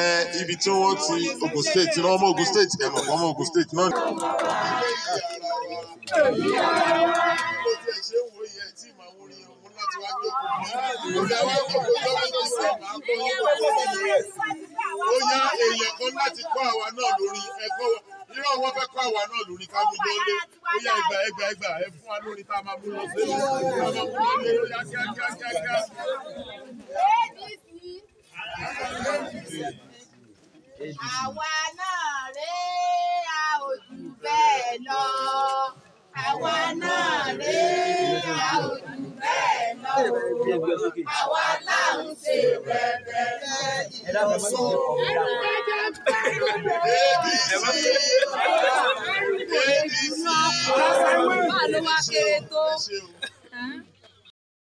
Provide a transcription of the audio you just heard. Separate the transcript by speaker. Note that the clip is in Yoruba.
Speaker 1: ẹ ibi tí wọ́n ti Ogun State náà ọmọ Ogun State ẹ mọ̀ ọmọ Ogun State náà. ó
Speaker 2: yá èèyàn kan láti kọ́ àwa náà lórí ẹ̀kọ́ wa
Speaker 1: irọ́ fẹ́ kọ́ àwa náà lórí ká mú lọ́lé ó yá ẹgbà ẹgbà ẹgbà ẹ fún wa lórí tá máa mú lọ sí ẹ máa mú lọ́lé ó yá
Speaker 2: kíákíákíá. àwa
Speaker 3: náà rèé a ò jù bẹ́ẹ̀ lọ àwa náà rèé a ò jù
Speaker 2: bẹ́ẹ̀ lọ àwa náà ń ṣe
Speaker 3: bẹ̀rẹ̀
Speaker 2: rẹ̀ sọ. Èdè ìlú ọkọ̀ ló wá kéré
Speaker 4: tó.